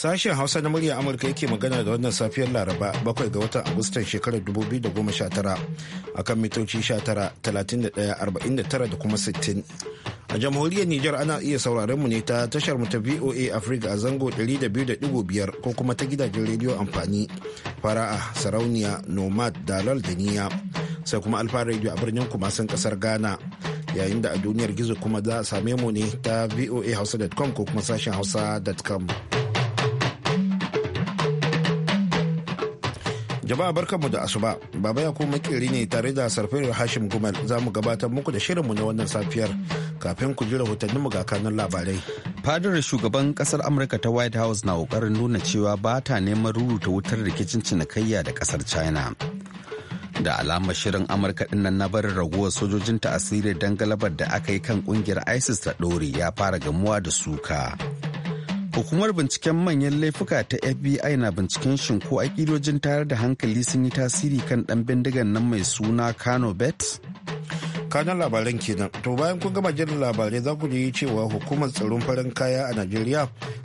Sashen Hausa na murya Amurka yake magana da wannan safiyar Laraba bakwai ga watan Agustan shekarar 2019 akan mitoci 19, da kuma 60. a jamhuriyar Nijar ana iya sauraron mu ne ta tashar mu ta VOA Africa a zango 200.5 ko kuma ta gidajen rediyo amfani fara'a sarauniya nomad dalal da niya sai kuma alfa rediyo a birnin kumasin kasar Ghana yayin da a duniyar gizo kuma za a same mu ne ta voa voahausa.com ko kuma sashen hausa.com. Jama'a barkanmu da asuba, Baba ya kuma makeri ne tare da sarfin Hashim Gumal za mu gabatar muku da shirinmu na wannan safiyar kafin ku ji rahotanninmu ga kanun labarai. Fadar shugaban kasar Amurka ta White House na kokarin nuna cewa ba ta neman ruruta wutar rikicin cinikayya da kasar China. da alamar shirin amurka dinnan na barin raguwar sojojin ta asiri galabar da aka yi kan kungiyar isis ta ɗore ya fara gamuwa da suka Hukumar binciken manyan laifuka ta FBI na binciken shin ko akidojin tayar da hankali sun yi tasiri kan ɗan bindigan nan mai suna Kano Bet? kanan labaran kenan to bayan kun gama jin labarai za ku ji cewa hukumar tsaron farin kaya a najeriya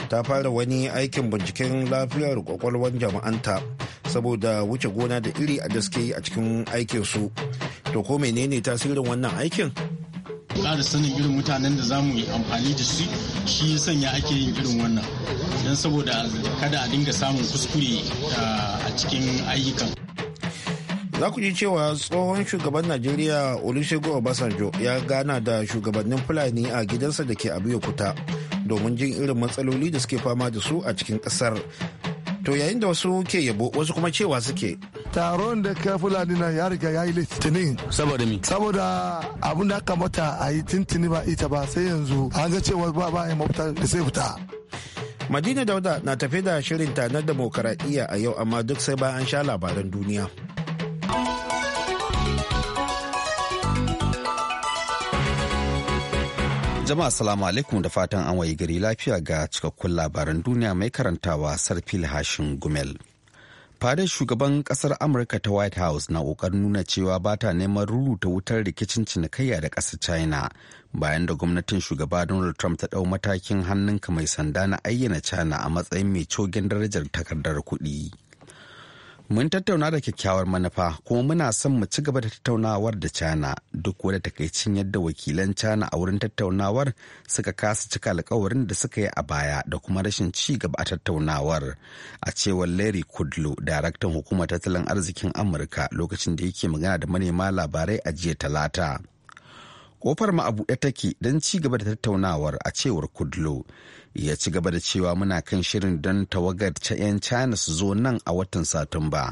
ta fara wani aikin binciken lafiyar kwakwalwar jama'anta saboda wuce gona da iri a da suke yi a cikin aikinsu to ko menene tasirin wannan aikin da sanin irin mutanen da za mu yi amfani da su shi ya sanya ake yin irin wannan don saboda kada a dinga samun kuskure a cikin ayyukan za ku ji cewa tsohon shugaban najeriya olusegun obasanjo ya gana da shugabannin fulani a gidansa da ke abu kuta domin jin irin matsaloli da suke fama da su a cikin kasar to yayin da wasu ke yabo wasu kuma cewa suke taron da ka fulani na ya riga ya yi litinin saboda mi saboda abin da kamata a yi tintini ba ita ba sai yanzu an ga cewa ba ba ya mafita da sai fita madina dauda na tafi da shirin ta na demokaradiyya a yau amma duk sai bayan an sha labaran duniya Jama'a salamu alaikum da fatan an wayi gari lafiya ga cikakkun labaran duniya mai karantawa Sarfil Hashin Gumel. fadar shugaban kasar amurka ta white house na kokarin nuna cewa ba ta neman ta wutar rikicin cinikayya da kasar china bayan da gwamnatin shugaba donald trump ta ɗau matakin hannunka mai sanda na ayyana china a matsayin mai cogin darajar takardar kuɗi. Mun tattauna da kyakkyawar manufa kuma muna son mu ci gaba da tattaunawar da cana, duk wadda takaicin yadda wakilan cana a wurin tattaunawar suka kasa cika alkawarin da suka yi a baya da kuma rashin ci gaba a tattaunawar. A cewar Larry Kudlow, daraktan hukumar tattalin arzikin Amurka lokacin da yake magana da manema labarai a jiya talata. kofar ma'abuɗe a buɗe take don ci gaba da tattaunawar a cewar kudlo ya ci gaba da cewa muna kan shirin don tawagar 'yan china su zo nan a watan satumba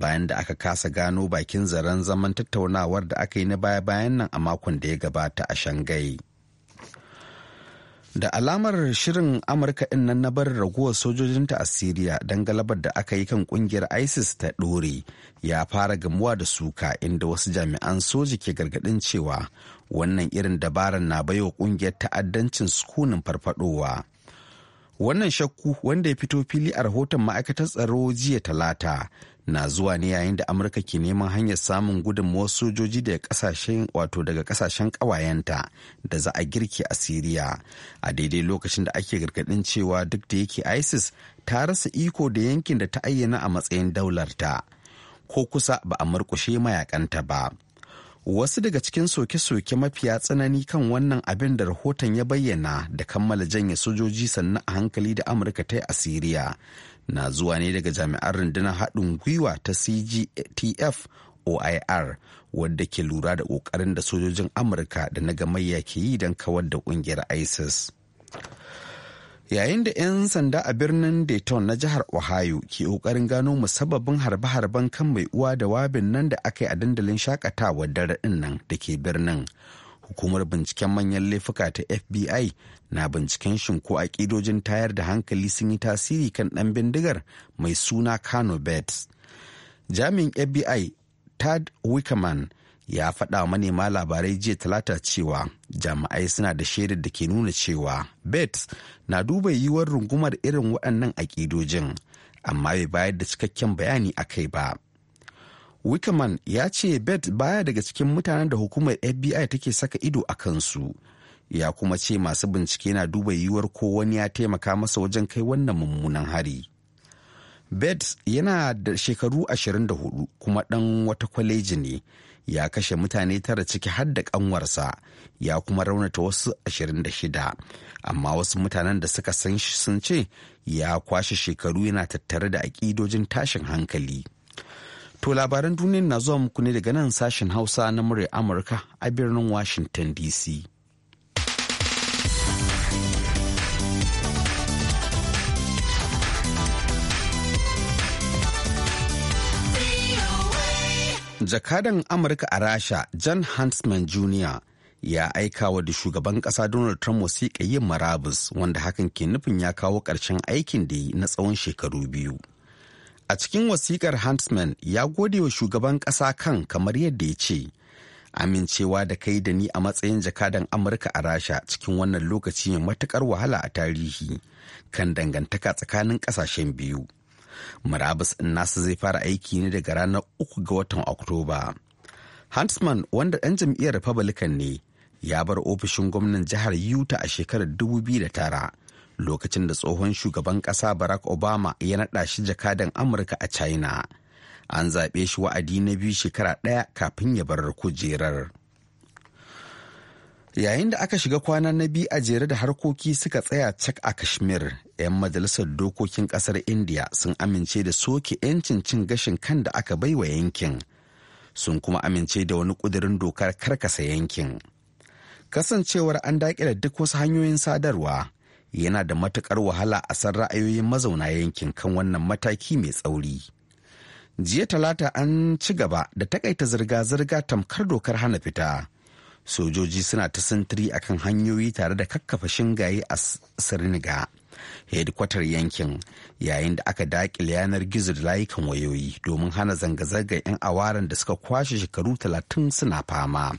bayan da aka kasa gano bakin zaren zaman tattaunawar da aka yi na baya-bayan nan a makon da ya gabata a shangai da alamar shirin amurka din nan na bar raguwar sojojinta a syria don galabar da aka yi kan kungiyar isis ta dore ya fara gamuwa da suka inda wasu jami'an soji ke gargadin cewa wannan irin dabarar na baiwa kungiyar ta'addancin sukunin farfadowa wannan shakku wanda ya fito fili a rahoton ma'aikatar tsaro jiya talata na zuwa ne yayin da amurka ke neman hanyar samun gudunmawar sojoji daga kasashen wato daga kasashen kawayenta da za a girke a siriya a daidai lokacin da ake gargadin cewa duk da yake isis ta rasa iko da yankin da ta ayyana a matsayin daularta ko kusa ba a murkushe mayakanta ba wasu daga cikin soke-soke mafiya tsanani kan wannan abin da rahoton ya bayyana da kammala janya sojoji sannan a hankali da amurka ta yi a siriya na zuwa ne daga Jami'ar rundunar haɗin gwiwa ta cgtf oir wadda ke lura da ƙoƙarin da sojojin amurka da na gamayya ke yi don kawar da ƙungiyar isis yayin da 'yan sanda a birnin dayton na jihar ohio ke kokarin gano musabbabin harbe-harben kan mai uwa da wabin nan da aka yi a dandalin shakatawa dare din nan da ke birnin hukumar binciken manyan laifuka ta fbi na binciken shinko a ƙidojin tayar da hankali sun yi tasiri kan ɗan bindigar mai suna kano bets jami'in fbi tad wickerman ya faɗa manema labarai jiya talata cewa jami'ai suna da shaidar da ke nuna cewa bates na duba yiwuwar rungumar irin waɗannan aƙidojin amma bai bayar da cikakken bayani a kai ba Wikiman ya ce bet baya daga cikin mutanen da hukumar fbi take saka ido a kansu ya kuma ce masu bincike na duba yiwuwar ko wani ya taimaka masa wajen kai wannan mummunan hari bet yana da shekaru 24 kuma ɗan wata kwaleji ne ya kashe mutane tara ciki har da kanwarsa ya kuma raunata wasu 26 amma wasu mutanen da suka san shi sun ce ya kwashe shekaru yana tattare da aƙidojin tashin hankali to labaran duniya na zuwa muku ne daga nan sashen hausa na murya amurka a birnin washington dc Jakadan Amurka a Rasha, John Huntsman Jr. ya aika wa da shugaban kasa Donald Trump wasiƙa yin marabus wanda hakan ke nufin ya kawo ƙarshen aikin da yi na tsawon shekaru biyu. A cikin wasiƙar Huntsman ya gode wa shugaban ƙasa kan kamar yadda ya ce, Amincewa da kai da ni a matsayin jakadan Amurka a Rasha cikin wannan lokaci mai matuƙar wahala a tarihi kan dangantaka tsakanin ƙasashen biyu. murabus ɗin nasa zai fara aiki ne daga ranar uku ga watan oktoba huntsman wanda ɗan jam'iyyar republican ne ya bar ofishin gwamnan jihar utah a shekarar 2009 lokacin da tsohon shugaban ƙasa barack obama ya naɗa shi jakadan amurka a china an zaɓe shi wa'adi na biyu shekara ɗaya kafin ya bar kujerar yayin da aka shiga kwana na biyu a jere da harkoki suka tsaya cak a kashmir 'yan majalisar dokokin kasar india sun amince da soke 'yancin cin gashin kan da aka bai wa yankin sun kuma amince da wani ƙudirin dokar karkasa yankin kasancewar an daƙile duk wasu hanyoyin sadarwa yana da matuƙar wahala a san ra'ayoyin mazauna yankin kan wannan mataki mai tsauri jiya talata an ci gaba da takaita zirga-zirga tamkar dokar hana fita sojoji suna ta sintiri akan hanyoyi tare da kakkafa shingaye a sirniga hedikwatar yankin yayin da aka daƙile yanar gizo da layukan wayoyi domin hana zanga-zangar 'yan awaran da suka kwashe shekaru talatin suna fama.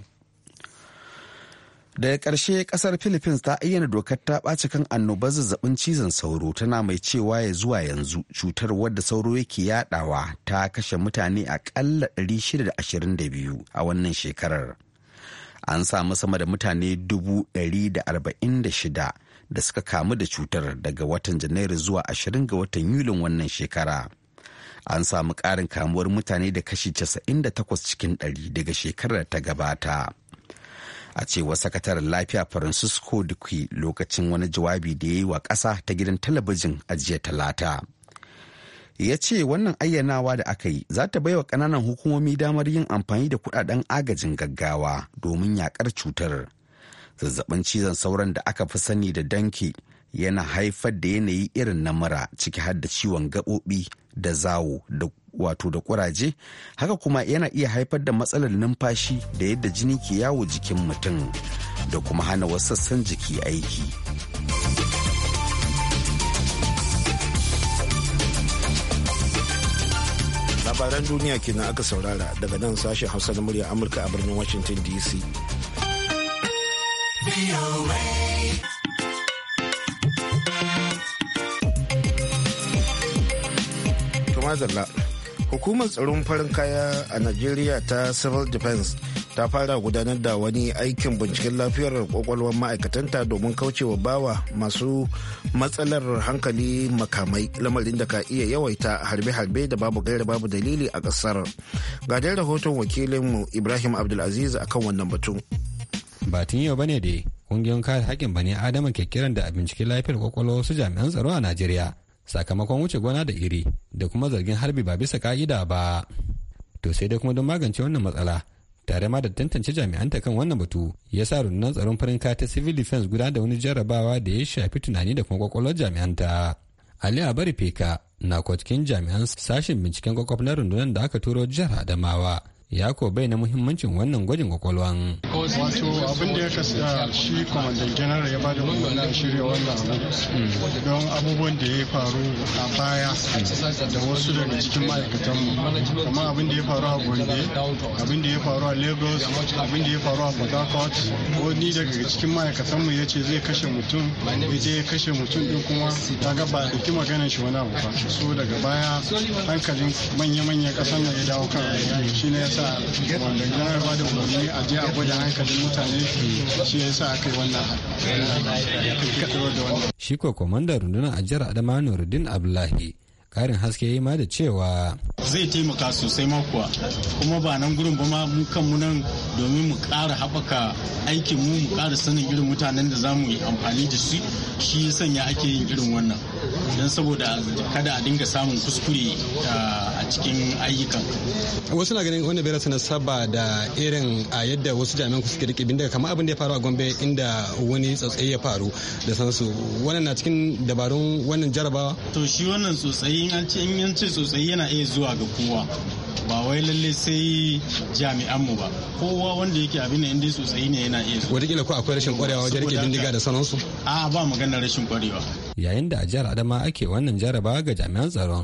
daga ƙarshe ƙasar philippines ta ayyana dokar ta ɓaci kan annobar zazzabin cizon sauro tana mai cewa ya zuwa yanzu cutar wadda sauro yake yadawa ta kashe mutane aƙalla 622 a wannan shekarar an samu sama da mutane shida. da suka kamu da cutar daga watan janairu zuwa 20 ga watan yulin wannan shekara an samu ƙarin kamuwar mutane da kashi 98 cikin 100 daga shekarar ta gabata a cewar sakataren lafiya francisco duki lokacin wani jawabi da ya yi wa ƙasa ta gidan talabijin a jiya talata ya ce wannan ayyanawa da aka yi za ta baiwa ƙananan hukumomi damar yin amfani da kudaden agajin gaggawa domin yakar cutar zazzabin cizon sauran da aka fi sani da danki yana haifar da yanayi irin na mura ciki har da ciwon gaɓoɓi da zawo da wato da kuraje haka kuma yana iya haifar da matsalar numfashi da yadda jini ke yawo jikin mutum da kuma hana wasu sassan jiki aiki labaran duniya kenan aka saurara daga nan sashen hausa na murya amurka a birnin washington dc Tumazalla, hukumar tsaron farin kaya a Najeriya ta Civil Defense ta fara gudanar da wani aikin binciken lafiyar kwakwalwar ma'aikatanta domin kaucewa bawa masu matsalar hankali makamai lamarin da ka iya yawaita harbe-harbe da babu gaira babu dalili a ƙasar. Ga rahoton wakilinmu Ibrahim Abdulaziz akan wannan batun. ba tun yau bane da kungiyoyin kare haƙƙin bani adama ke kiran da a binciki lafiyar kwakwalwa wasu jami'an tsaro a najeriya sakamakon wuce gona da iri da kuma zargin harbi ba bisa ka'ida ba to sai dai kuma don magance wannan matsala tare ma da tantance jami'anta kan wannan batu ya sa rundunar tsaron farin ta civil defense guda da wani jarrabawa da ya shafi tunani da kuma kwakwalwar ta ali abari feka na cikin jami'an sashen binciken kwakwaf na rundunar da aka turo jihar adamawa ya ko bai na muhimmancin wannan gwajin kwakwalwan. wato abin da ya kasa shi kwamandan janar ya bada umarnin shirya wannan abu don abubuwan da ya faru a baya da wasu daga cikin ma'aikatan mu kamar abin da ya faru a gombe abin da ya faru a lagos abin da ya faru a port harcourt wani daga cikin ma'aikatan mu ya ce zai kashe mutum ya je ya kashe mutum din kuma ta ga ba ɗauki maganar shi wani abu ba so daga baya hankalin manya-manyan ƙasar nan ya dawo kan shi ne ya sa wanda ya ba da umarni a je a gwada hankalin mutane shi sa aka yi wannan shi ko komandar rundunar ajiyar adama nuruddin abdullahi karin haske ya ma da cewa zai taimaka sosai makuwa kuma ba nan gurin ba ma mu mu nan domin mu ƙara haɓaka aikin mu mu ƙara sanin irin mutanen da za mu yi amfani da su shi ya sanya ake yin irin wannan don saboda kada a dinga samun kuskure ah, cikin ayyukan wasu na ganin wani berasa na saba da irin a yadda wasu jami'an ku suke rike daga kama abin da ya faru a gombe inda wani tsatsayi ya faru da sansu wannan na cikin dabarun wannan jarabawa to shi wannan tsotsayi an ce in an ce tsotsai yana iya zuwa ga kowa ba wai lalle sai jami'an mu ba kowa wanda yake abin nan inda tsotsayi ne yana iya zuwa wadakila ko akwai rashin kwarewa wajen rike bindiga da sanansu a ba magana rashin kwarewa yayin da a jihar adama ake wannan jarabawa ga jami'an tsaron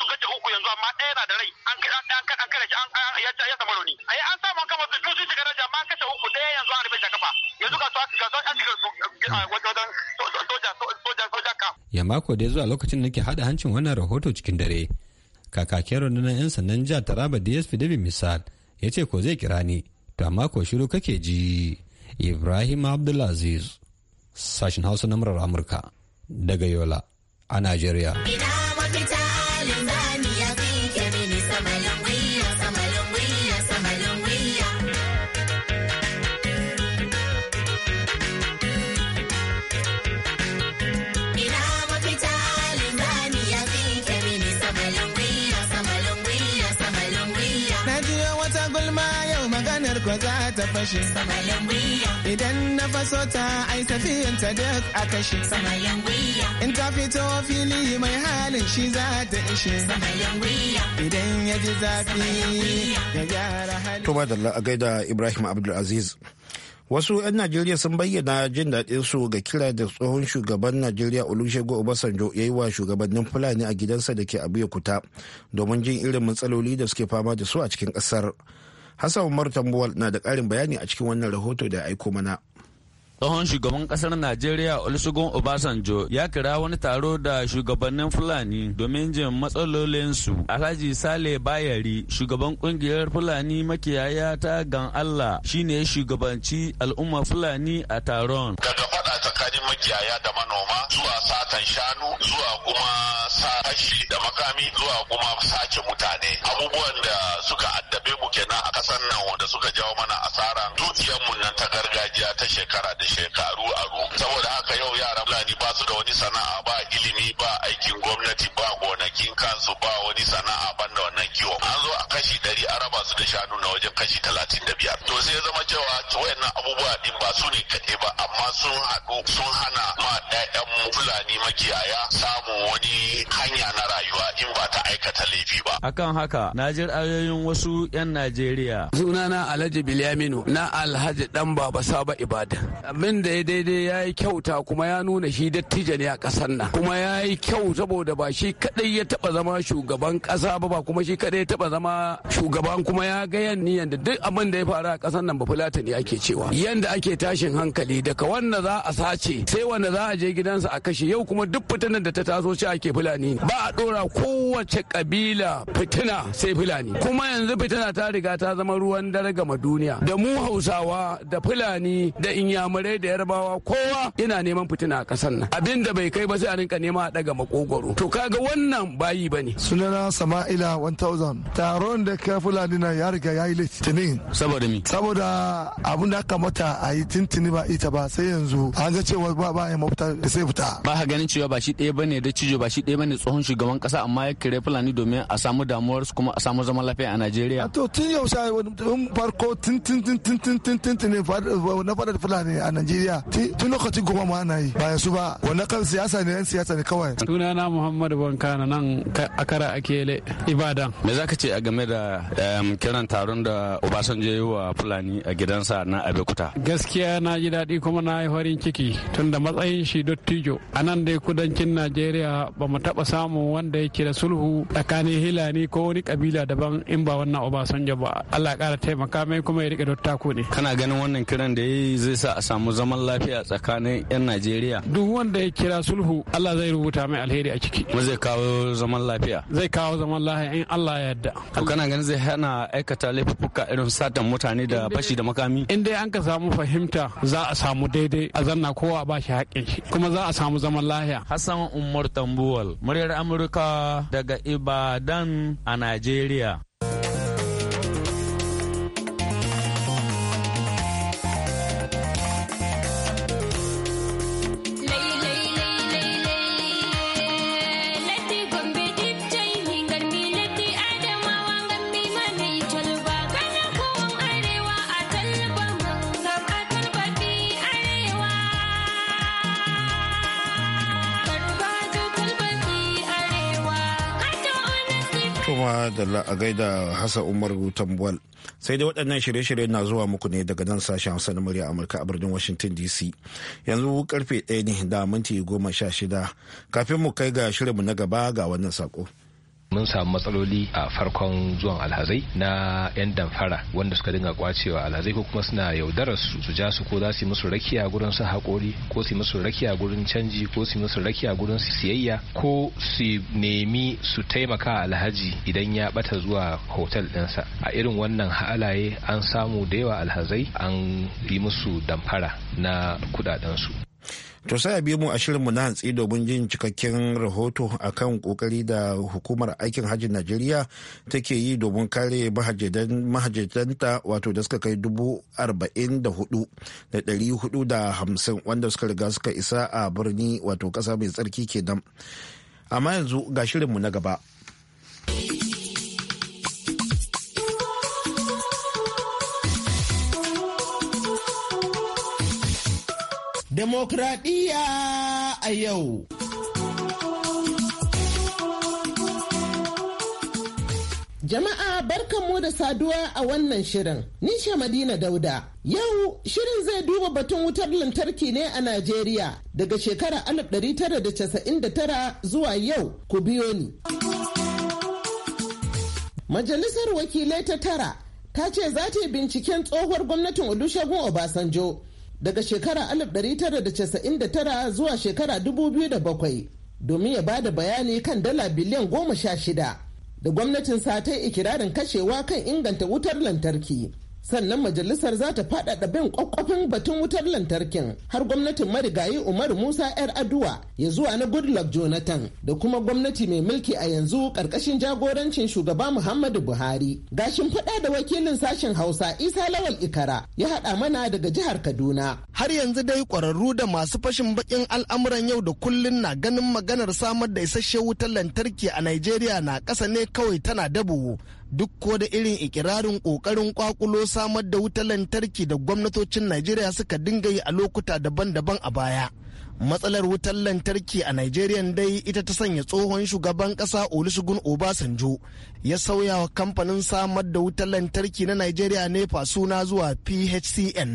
da uku yanzu amma ɗaya na da rai an an an kare shi an ya ya samu rauni ai an samu an kama su su shiga daji amma an kashe uku ɗaya yanzu an rufe shi kafa yanzu ga su ga su an shiga su wajen soja soja soja ka ya mako da zuwa lokacin da nake hada hancin wannan rahoto cikin dare kakakin rundunar 'yan sandan jihar taraba dsp david misal ya ce ko zai kira ni to amma ko shiru kake ji ibrahim abdulaziz sashen hausa na murar amurka daga yola a najeriya ta fashe idan na faso ta ai safiyan ta duk a kashe in ta fito fili mai halin shi za ta ishe idan ya ji zafi ya gyara halin to madalla a gaida ibrahim abdulaziz wasu 'yan najeriya sun bayyana jin daɗin su ga kira da tsohon shugaban najeriya olusegun obasanjo ya yi wa shugabannin fulani a gidansa da ke abuya kuta domin jin irin matsaloli da suke fama da su a cikin ƙasar Hassan Umar Tambuwal na da ƙarin bayani a cikin wannan rahoto da aiko mana. tsohon shugaban kasar najeriya olusegun obasanjo ya kira wani taro da shugabannin fulani domin jin matsalolinsu alhaji sale bayari shugaban kungiyar fulani makiyaya ta gan allah shine shugabanci al'umma fulani a taron daga fada tsakanin makiyaya da manoma zuwa satan shanu zuwa kuma sa da makami zuwa kuma sace mutane abubuwan da suka addabe mu kenan a kasan nan wanda suka jawo mana dukiyar mu nan ta sana'a ba ilimi ba aikin gwamnati ba gonakin kansu ba wani sana'a ban da wannan kiwo an zo a kashi dari a raba su da shanu na wajen kashi talatin da biyar to sai ya zama cewa wayannan abubuwa din ba su ne kaɗai ba amma sun haɗu sun hana ma ɗayan fulani makiyaya samun wani hanya na rayuwa in ba ta aikata laifi ba akan haka na ji ra'ayoyin wasu 'yan najeriya sunana alhaji bilyaminu na alhaji dan baba saba ibada abin da ya daidai ya yi kyauta kuma ya nuna shi dattijo ne a ƙasar nan kuma ya yi kyau saboda ba shi kadai ya taba zama shugaban ƙasa ba ba kuma shi kadai ya taba zama shugaban kuma ya ga yan niyan da duk abin da ya faru a ƙasar nan ba fulata ne ake cewa yanda ake tashin hankali daga wanda za a sace sai wanda za a je gidansa a kashe yau kuma duk fitinan da ta taso ce ake fulani ba a dora kowace kabila fitina sai fulani kuma yanzu fitina ta riga ta zama ruwan dare gama duniya da mu hausawa da fulani da inyamurai da yarbawa kowa ina neman fitina a kasan nan abinda bai kai ba sai a rinka nema a daga makogoro to kaga wannan bayi bane sunana sama'ila 1000 taron da ka fulani na ya riga ya yi litinin saboda mi saboda abin da aka mata a yi tintini ba ita ba sai yanzu an ga cewa ba ba ya mafita da sai fita ba ganin cewa ba shi ɗaya bane da cijo ba shi ɗaya bane tsohon shugaban kasa amma ya kire fulani domin a samu samu damuwar su kuma a samu zaman lafiya a Najeriya. To tun yau sa farko tun tun tun tun tun tun tun tun na fadar Fulani a Najeriya tun lokacin goma ma na yi ba su ba wannan kan siyasa ne yan siyasa ne kawai. Sunana Muhammadu Bankana nan akara akele Ibadan. Me za ka ce a game da kiran taron da Obasanjo yi wa Fulani a gidansa na Abeokuta? Gaskiya na ji daɗi kuma na yi farin ciki tun da matsayin shi dottijo a nan dai kudancin Najeriya ba mu taɓa samun wanda yake da sulhu tsakanin hilaye fulani ko wani kabila daban in ba wannan obasanjo ba allah kara taimaka mai kuma ya rike dottako ne kana ganin wannan kiran da yayi zai sa a samu zaman lafiya tsakanin yan najeriya duk wanda ya kira sulhu allah zai rubuta mai alheri a ciki kuma zai kawo zaman lafiya zai kawo zaman lafiya in allah ya yarda to kana ganin zai hana aikata laifuka irin satan mutane da fashi da makami in dai an ka samu fahimta za a samu daidai a zanna kowa ba shi haƙƙin shi kuma za a samu zaman lafiya hassan umar tambuwal muryar amurka daga ibadan a Nigeria. kuma da la'agai gaida hasa Umar bol Sai dai waɗannan shirye-shirye na zuwa muku ne daga nan sashen Hausa na murya Amurka a birnin Washington DC. Yanzu karfe ɗaya ne da minti goma sha shida. Kafin mu kai ga shirinmu na gaba ga wannan sako. mun samu matsaloli a farkon zuwan alhazai na 'yan damfara wanda suka dinga kwacewa alhazai ko kuma suna yaudarar su su ja su ko za su musu rakiya gurin su haƙori ko su musu rakiya gurin canji ko su musu rakiya gurin su siyayya ko su nemi su taimaka alhaji idan ya bata zuwa hotel ɗinsa a irin wannan halaye an samu da yawa alhazai an yi musu damfara na su To sai a mu a shirinmu na hantsi domin jin cikakken rahoto akan kokari da hukumar aikin hajjin Najeriya take yi domin kare mahajjatanta wato da suka kai dubu arba'in da hudu da dari hudu da hamsin wanda suka riga suka isa a birni wato kasa mai tsarki kenan. Amma yanzu ga shirin mu na gaba. Demokradiyya a yau. Jama'a barkanmu da saduwa a wannan shirin. Nisha Madina Dauda. Yau shirin zai duba batun wutar lantarki ne a Najeriya daga shekarar 1999 zuwa yau ku biyo ni. Majalisar wakilai ta tara ta ce za ta yi binciken tsohuwar gwamnatin Olusegun Obasanjo daga shekara 1999 zuwa shekara 2007 domin ya ba da bayani kan dala biliyan goma sha shida da gwamnatin sa ta ikirarin kashewa kan inganta wutar lantarki sannan majalisar za ta faɗaɗa bin kwakwafin batun wutar lantarkin har gwamnatin marigayi umaru musa yar aduwa ya zuwa na goodluck jonathan da kuma gwamnati mai mulki a yanzu ƙarƙashin jagorancin shugaba muhammadu buhari gashin faɗa da wakilin sashen hausa isa lawal ikara ya haɗa mana daga jihar kaduna har yanzu dai ƙwararru da masu fashin bakin al'amuran yau da kullun na ganin maganar samar da isasshen wutar lantarki a najeriya na ƙasa ne kawai tana dabo duk ko da irin ikirarin kokarin kwakulo samar da wutar lantarki da gwamnatocin najeriya suka dinga yi a lokuta daban-daban a baya matsalar wutar lantarki a Nigeria dai ita ta sanya tsohon shugaban kasa Olusegun Obasanjo ya sauya wa kamfanin samar da wutar lantarki na Nigeria nefa suna zuwa PHCN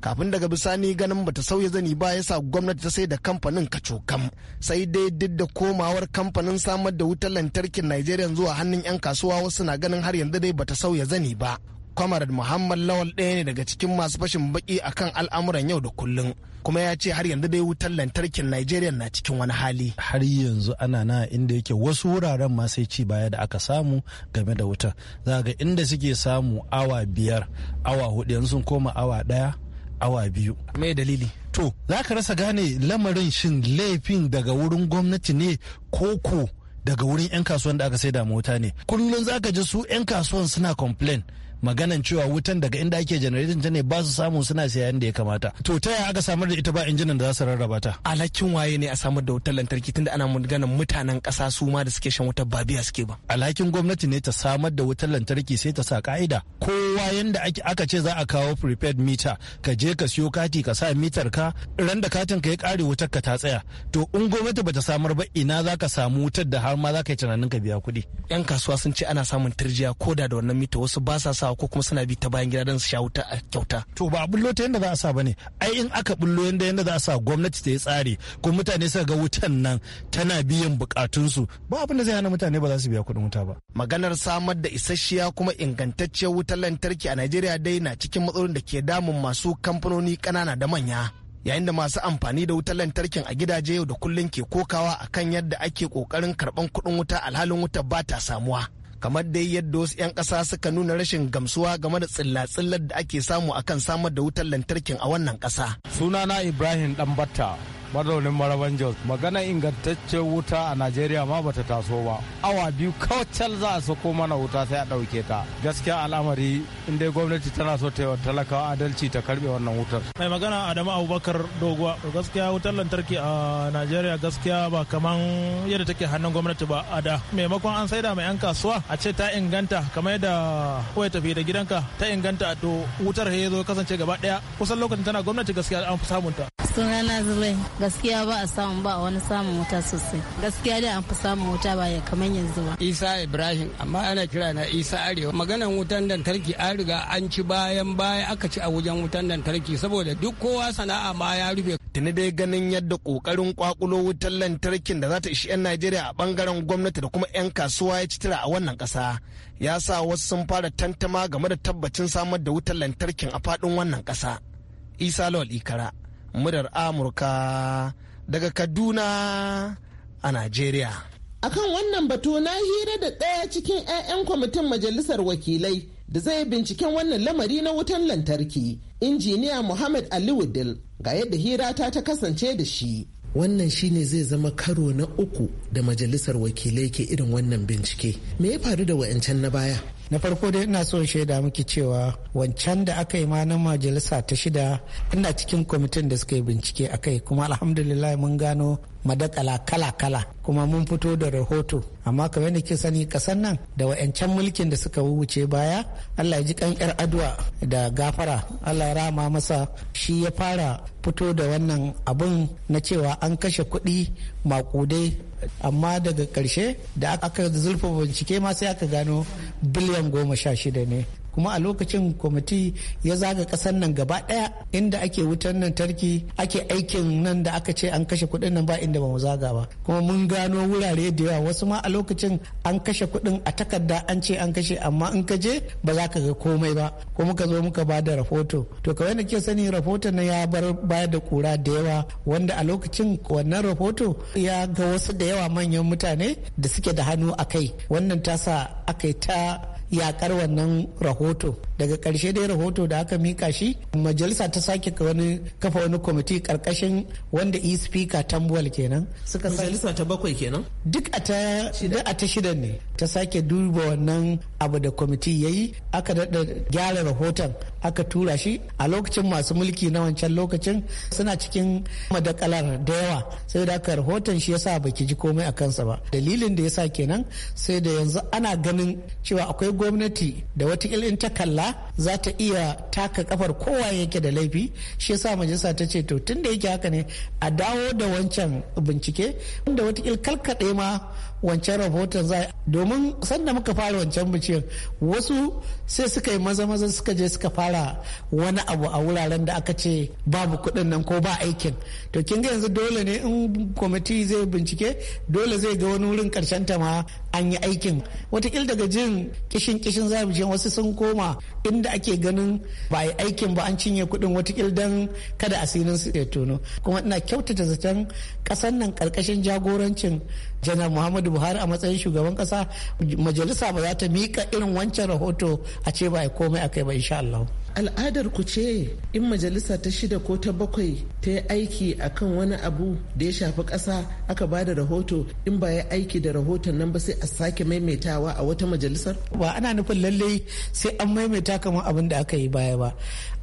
kafin daga bisani ganin bata sauya zani ba yasa gwamnati ta sai da kamfanin kacokam sai dai duk da komawar kamfanin samar da wutar lantarkin Nigeria zuwa hannun 'yan kasuwa wasu na ganin har yanzu dai bata sauya zani ba Kwamar Muhammad Lawal ɗaya ne daga cikin masu fashin baki a kan al'amuran yau da kullum. kuma ya ce har yanzu dai wutar lantarkin Najeriya na cikin wani hali. Har yanzu ana na inda yake wasu wuraren ma sai ci baya da aka samu game da wutar. Za ga inda suke samu awa biyar, awa hudu yanzu sun koma awa daya, awa biyu. Me dalili? To, za ka rasa gane lamarin shin laifin daga wurin gwamnati ne koko daga wurin 'yan kasuwan da aka sai da mota ne. Kullum za ka ji su 'yan kasuwan suna complain. maganan cewa wutan daga inda ake generating ta ne ba su samu suna siya da ya kamata to ta yaya aka samar da ita ba injinan da za su rarraba ta alhakin waye ne a samar da wutar lantarki tunda ana magana mutanen ƙasa su ma da suke shan wutar ba biya suke ba alhakin gwamnati ne ta samar da wutar lantarki sai ta sa ka'ida kowa yanda aka ce za a kawo prepared meter ka je ka siyo kati ka sa mitar ka ran da katin ka ya kare wutar ka ta tsaya to in gwamnati bata samar ba ina za ka samu wutar da har ma za ka yi tunanin ka biya kuɗi yan kasuwa sun ce ana samun turjiya ko da da wannan mita wasu ba sa sa sawa ko kuma suna bi ta bayan gida don su sha wuta a kyauta. To ba a bullo ta yadda za a sa ba ne. Ai in aka bullo yadda yadda za a sa gwamnati ta yi tsari ko mutane suka ga wutan nan tana biyan bukatunsu ba abin da zai hana mutane ba za su biya kuɗin wuta ba. Maganar samar da isasshiya kuma ingantacciyar wutar lantarki a Najeriya dai na cikin matsalolin da ke damun masu kamfanoni ƙanana da manya. yayin da masu amfani da wutar lantarkin a gidaje yau da kullum ke kokawa akan yadda ake kokarin karban kuɗin wuta alhalin wuta ba ta samuwa kamar dai yadda wasu 'yan ƙasa suka nuna rashin gamsuwa game da tsilla-tsillar da ake samu akan samar da wutar lantarkin a wannan ƙasa. sunana ibrahim ɗanbatta mazaunin maraban jos magana ingantaccen wuta a najeriya ma bata taso ba awa biyu kawacal za a sako mana wuta sai a ɗauke ta gaskiya al'amari inda gwamnati tana so ta yi wa talakawa adalci ta karbe wannan wutar mai magana adamu abubakar doguwa gaskiya wutar lantarki a najeriya gaskiya ba kaman yadda take hannun gwamnati ba a da maimakon an saida mai yan kasuwa a ce ta inganta kamar yadda kawai tafi da gidanka ta inganta to wutar ya zo kasance gaba daya kusan lokacin tana gwamnati gaskiya an fi samunta rana zulai gaskiya ba a samu ba a wani samun wuta sosai gaskiya dai an fi samun wuta ba ya kamar yanzu ba isa ibrahim amma ana kira na isa arewa maganan wutan lantarki an riga an ci bayan baya aka ci a wajen wutan lantarki saboda duk kowa sana'a ma ya rufe tuni dai ganin yadda kokarin kwakulo wutan lantarkin da za ta ishi 'yan najeriya a bangaren gwamnati da kuma 'yan kasuwa ya ci tura a wannan kasa ya sa wasu sun fara tantama game da tabbacin samar da wutan lantarkin a faɗin wannan kasa isa lawal ikara muryar amurka daga kaduna a najeriya akan wannan batu na hira da ɗaya cikin 'ya'yan kwamitin majalisar wakilai da zai binciken wannan lamari na wutan lantarki injiniya muhammad ali ga yadda hira ta ta kasance da shi wannan shine zai zama karo na uku da majalisar wakilai ke irin wannan bincike me ya faru da wa'yancan na baya na farko dai ina so shaida miki cewa wancan da aka yi ma na majalisa ta shida ina cikin kwamitin da suka yi bincike a kai kuma alhamdulillah mun gano madakala kala-kala kuma mun fito da rahoto amma kamar da ke sani kasan nan da wa'yancan mulkin da suka wuce baya allah ya ji kan yar adwa da gafara allah ya rama masa shi ya fara fito da wannan abun na cewa an kashe kuɗi maƙudai. amma daga karshe da aka zulfa bincike ma sai aka gano biliyan goma sha shida ne kuma a lokacin kwamiti ya zaga kasan nan gaba daya inda ake wutan lantarki ake aikin nan da aka ce an kashe kuɗin nan ba inda ba mu zaga ba kuma mun gano wurare da yawa wasu ma a lokacin an kashe kuɗin a takarda an ce an kashe amma in ka je ba za ka ga komai ba ko muka zo muka ba da rahoto to kawai da ke sani rahoton na ya bar baya da kura da yawa wanda a lokacin wannan rahoto ya ga wasu da yawa manyan mutane da suke da hannu a kai wannan tasa aka yi ta yakar wannan rahoto daga karshe dai rahoto da aka mika shi majalisa ta sake wani kafa wani kwamiti karkashin wanda e speaker tambuwal kenan suka majalisa ta bakwai kenan duk a ta a ta shida ne ta sake duba wannan abu da kwamiti yayi aka daɗa gyara rahoton aka tura shi a lokacin masu mulki na wancan lokacin suna cikin madakalar da yawa sai da aka rahoton shi yasa baki ji komai a kansa ba dalilin da yasa kenan sai da yanzu ana ganin cewa akwai gwamnati da wata il'in ta kalla za ta iya taka kafar kowa yake da laifi shi yasa majalisa ta ce to tun da yake haka ne a dawo da wancan bincike wanda wata ilkal kaɗai ma wancan rahoton za domin sanda muka fara wancan binciken wasu sai suka yi maza maza suka je suka fara wani abu a wuraren da aka ce babu kuɗin nan ko ba aikin to kin ga yanzu dole ne in kwamiti zai bincike dole zai ga wani wurin karshen ta ma an yi aikin watakil daga jin kishin kishin zamu wasu sun koma inda ake ganin ba yi aikin ba an cinye kuɗin watakil dan kada asirin su ya tono kuma ina kyautata zaton kasan nan karkashin jagorancin janar muhammadu buhari a matsayin shugaban kasa majalisa ba za ta mika irin wancan rahoto a ce ba komai akai ba insha Allah. al'adar ku ce in majalisa ta shida ko ta bakwai ta yi aiki akan wani abu da ya shafi ƙasa aka ba da rahoto in ba ya aiki da rahoton nan ba sai a sake maimaitawa a wata majalisar ba ana nufin lallai sai an maimaita kamar abin da aka yi baya ba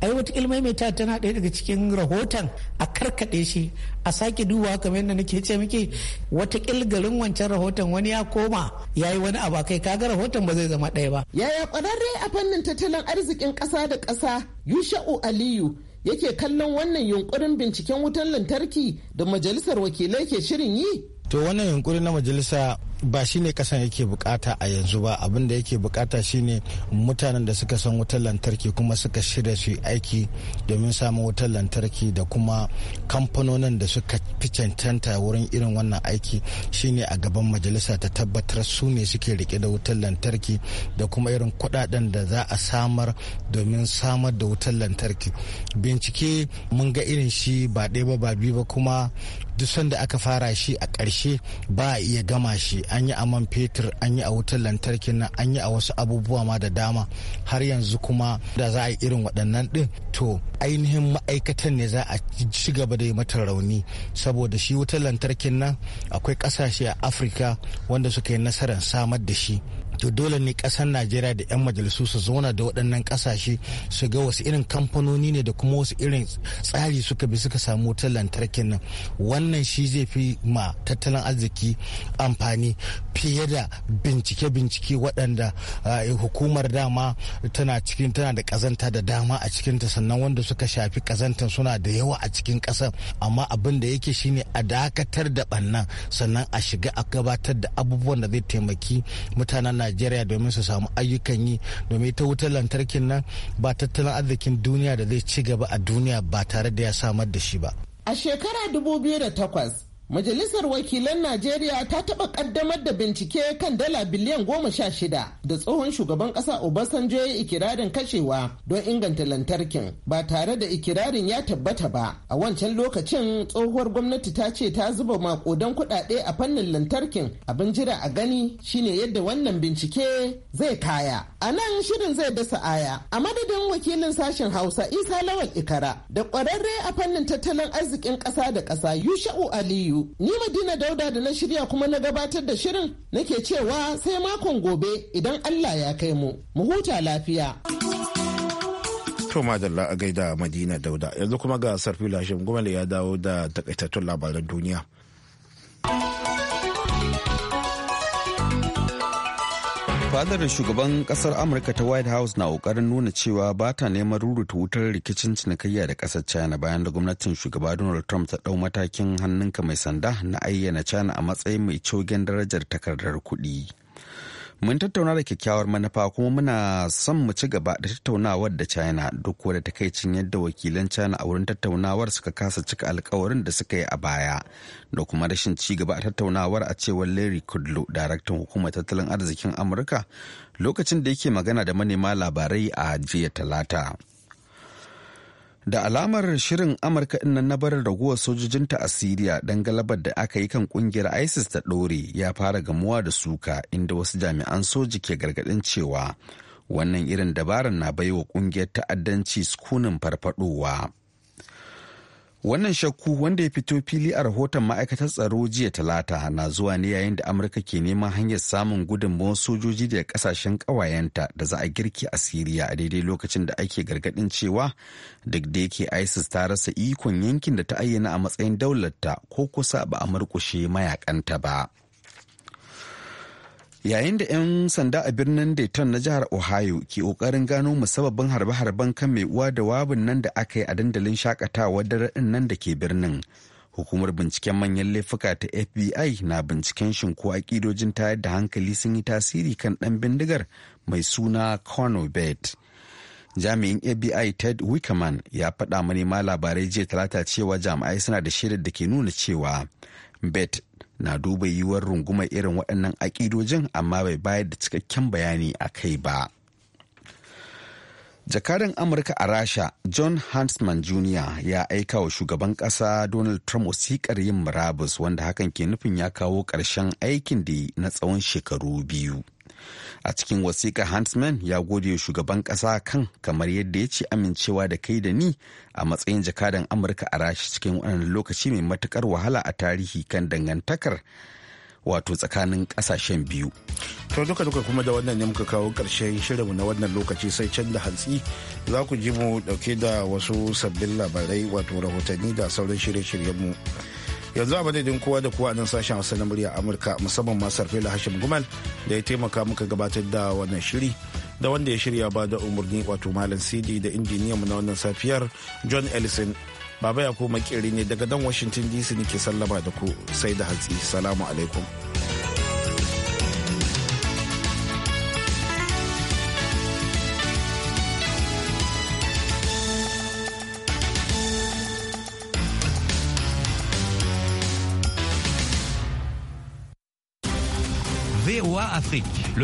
ai wata maimaita tana ɗaya daga cikin rahoton a karkaɗe shi a sake duba kamar yadda nake ce miki wata garin wancan rahoton wani ya koma ya yi wani abu kai kaga rahoton ba zai zama ɗaya ba. yaya ƙwararre a fannin tattalin arzikin ƙasa da ƙasa yusha'u aliyu yake kallon wannan yunkurin binciken wutan lantarki da majalisar wakilai ke shirin yi. to wannan yunkuri na majalisa ba shi ne kasan yake bukata a yanzu ba abin da yake bukata shine mutanen da suka san wutar lantarki kuma suka shirya su aiki domin samun wutar lantarki da kuma kamfanonin da suka fi cancanta wurin irin wannan aiki shine a gaban majalisa ta tabbatar su ne suke rike da wutar lantarki da kuma irin kudaden da za a samar domin samar da wutar lantarki bincike mun ga irin shi ba ɗaya ba ba biyu ba kuma duk sanda aka fara shi a ƙarshe ba a iya gama shi an yi a man fetur an yi a wutar lantarki nan an yi a wasu abubuwa ma da dama har yanzu kuma da za a yi irin waɗannan ɗin to ainihin ma'aikatan ne za a ci gaba da yi mata rauni saboda shi wutar lantarkin nan akwai ƙasashe a afirka wanda suka yi nasarar samar da shi to dole ne kasar najeriya da 'yan majalisu su zauna da waɗannan kasashe su ga wasu irin kamfanoni ne da kuma wasu irin tsari suka bi suka samu wutar lantarkin nan wannan shi zai fi ma tattalin arziki amfani fiye da bincike-bincike waɗanda eh, hukumar dama tana cikin tana da ƙazanta da dama a cikinta sannan wanda suka shafi kazantan suna da yawa a cikin ƙasar amma abin da yake shine a dakatar da ɓannan sannan a shiga a gabatar da abubuwan da zai taimaki mutanen najeriya domin su samu ayyukan yi domin ta wutar lantarkin nan ba tattalin arzikin duniya da zai ci gaba a duniya ba tare da ya samar da shi ba a shekara 2008 Majalisar Wakilan Najeriya ta taɓa ƙaddamar da bincike kan dala biliyan goma sha shida da tsohon shugaban ƙasa Obasanjo ya ikirarin kashewa don inganta lantarkin ba tare da ikirarin ya tabbata ba. A wancan lokacin tsohuwar gwamnati ta ce ta zuba maƙudan kuɗaɗe a fannin lantarkin abin jira a gani shine yadda wannan bincike zai kaya. A nan shirin zai dasa aya a madadin wakilin sashen Hausa Isa Lawal Ikara da ƙwararre a fannin tattalin arzikin ƙasa da ƙasa Yusha'u Aliyu. biyu. Ni Madina Dauda da na shirya kuma na gabatar da shirin nake cewa sai makon gobe idan Allah ya kai mu. Mu huta lafiya. To madalla a gaida Madina Dauda yanzu kuma ga Sarfi Hashim gwamnati ya dawo da takaitattun labaran duniya. fadar shugaban kasar amurka ta white house na kokarin nuna cewa ba ta neman rurutu wutar rikicin cinikayya da kasar china bayan da gwamnatin shugaba donald trump ta dau matakin hannunka mai sanda na ayyana china a matsayin mai cogen darajar takardar kuɗi mun tattauna da kyakkyawar manufa kuma muna son mu ci gaba da tattaunawar da china duk wadda takaicin yadda wakilan china a wurin tattaunawar suka kasa cika alkawarin da suka yi a baya da kuma rashin ci gaba a tattaunawar a cewar larry kudlow daraktan hukumar tattalin arzikin amurka lokacin da yake magana da manema labarai a jiya talata da alamar shirin amurka nan na barin raguwar sojojinta a siriya don galabar da aka yi kan kungiyar isis ta ɗore ya fara gamuwa da suka inda wasu jami'an soji ke gargaɗin cewa wannan irin dabarar na baiwa ƙungiyar ta'addanci sukunin farfaɗowa. Wannan shakku wanda ya fito fili a rahoton ma'aikatar tsaro jiya talata na zuwa ne yayin da Amurka ke neman hanyar samun gudunmawar sojoji daga kasashen ƙawayenta da za a girki a Siriya a daidai lokacin da ake gargadin cewa duk da yake ISIS ta rasa ikon yankin da ta ayyana a matsayin daularta ko kusa ba a murkushe mayakanta ba. yayin da 'yan sanda a birnin dayton na jihar ohio ke kokarin gano musabbabin harbe-harben kan mai uwa da wabin nan da aka yi a dandalin shakatawa daren nan da ke birnin hukumar binciken manyan laifuka ta fbi na binciken shin ko akidojin tayar da hankali sun yi tasiri kan dan bindigar mai suna conor jami'in fbi ted wickerman ya faɗa manema labarai jiya talata cewa jami'ai suna da shaidar da ke nuna cewa bet na duba yiwuwar rungumar irin waɗannan aƙidojin amma bai bayar da cikakken bayani a kai ba. jakadan amurka a rasha john huntsman jr ya aika wa shugaban kasa donald trump wasikar yin murabus wanda hakan ke nufin ya kawo ƙarshen aikin da na tsawon shekaru biyu a cikin wasiƙa huntsman ya gode shugaban ƙasa kan kamar yadda ya ce amincewa da kai da ni a matsayin jakadan amurka a rashi cikin wannan lokaci mai matukar wahala a tarihi kan dangantakar wato tsakanin ƙasashen biyu. To duka duka kuma da wannan ne muka kawo ƙarshen shirinmu na wannan lokaci sai can da hantsi za ku ji mu dauke da wasu sabbin labarai wato rahotanni da sauran shirye-shiryenmu. mu. yanzu a madadin kowa da kowa nan sashen hausa na murya amurka musamman ma sarfila hashim gumal da ya taimaka muka gabatar da wannan shiri da wanda ya shirya ba da umarni wato malam cd da injiniyan mu na wannan safiyar john ellison baba ya ko makeri ne daga dan washington dc ke sallama da ku sai da hatsi salamu alaikum Afrique.